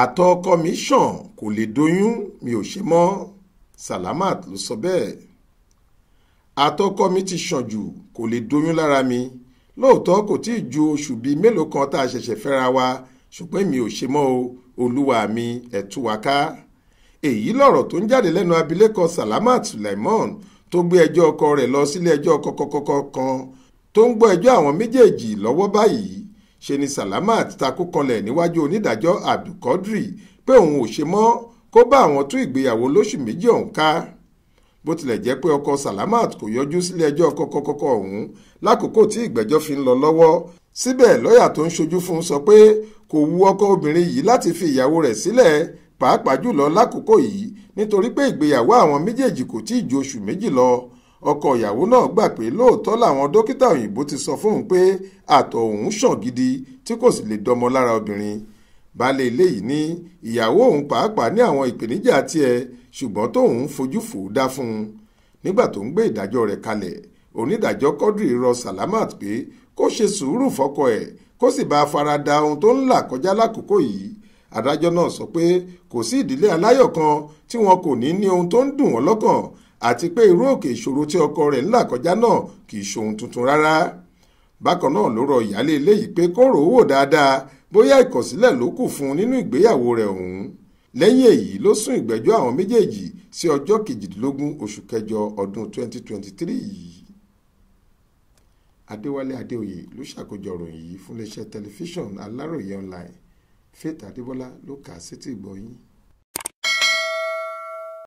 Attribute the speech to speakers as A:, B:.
A: àtọ ọkọ mi ṣàn kò lè doyún mi ò ṣe mọ́ Salamat ló sọ bẹ́ẹ̀ àtọ ọkọ mi ti ṣàn jù kò lè doyún lára mi lóòótọ́ kò tí ì ju oṣù bíi mélòó kan tá a ṣẹ̀ṣẹ̀ fẹ́ra wa ṣùgbọ́n mi ò ṣe mọ́ o olúwa mi ẹ tú wa ká èyí lọ̀rọ̀ tó ń jáde lẹ́nu abilékọ Salamat Sulaiman tó gbé ẹjọ́ ọkọ rẹ̀ lọ sílé ẹjọ́ kọ̀kọ̀kọ̀kọ̀ kan tó ń gbọ́ ẹjọ́ àwọn méjèèjì lọ́wọ́ báyìí ṣe ni Salamat takú kanlẹ̀ níwájú onídàájọ́ Abdulkadri pé òun ò ṣe mọ́ kó bá àwọn tún ìgbéyàwó lóṣù méjì ọ̀hún ká bó tilẹ̀ jẹ́ pé ọkọ Salamat kò yọjú sílé ẹjọ́ kọ́kọ́kọ́kọ́ ọ̀hún lákòókò tí ìgbẹ́jọ́ fi ń lọ lọ́wọ́ síbẹ̀ lọ́ọ̀yà tó ń ṣojú fún un sọ pé kò wu ọkọ obìnrin yìí láti fi ìyàwó rẹ̀ sílẹ̀ pàápàá jùlọ lákòókò yìí nítorí pé ìgbéyàwó àwọn méjèèjì kò tí ju oṣù méjì lọ ọkọ ìyàwó náà gbà pé lóòótọ́ làwọn dókítà òyìnbó ti sọ fóun pé àtọ̀ òun ṣàn gidi tí kò sì lè dọmọ lára obìnrin baálé ilé yìí ní ìyàwó òun pàápàá ní àwọn ìpèníjà tiẹ̀ ṣùgbọ́n tóun fojú fò dá fún un nígbà tó ń gbé ìdájọ́ rẹ̀ kalẹ̀ onídàájọ́ Quadri rọ Salamat pé kó ṣe sùúrù fọ́kọ ẹ̀ kó sì bá a fara da ohun tó ń là kọjá lákòókò yìí adájọ́ náà sọ pé kò sí ìdílé aláyọ̀ kan tí wọn kò ní ní ohun tó ń dùn wọ́n lọ́kàn àti pé irú òkè ìṣòro tí ọkọ rẹ̀ ń là kọjá náà kì í ṣohun tuntun rárá bákan náà ló rọ ìyáálé ilé yìí pé kó rò ó wò dáadáa bóyá ìkọ̀sílẹ̀ ló kù fún un nínú ìgbéyàwó rẹ̀ ọ̀hún lẹ́yìn èyí ló sún ìgbẹ́jọ́ àwọn méjèèjì sí ọjọ́ kejìdínlógún oṣù kẹjọ ọdún 2023 yìí adéwálé adéoyè ló ṣàkójọ ìròyìn yìí fún iléeṣẹ́ tẹlifíṣàn aláròye online faith adébọlá ló kà á sétí ìgbọ́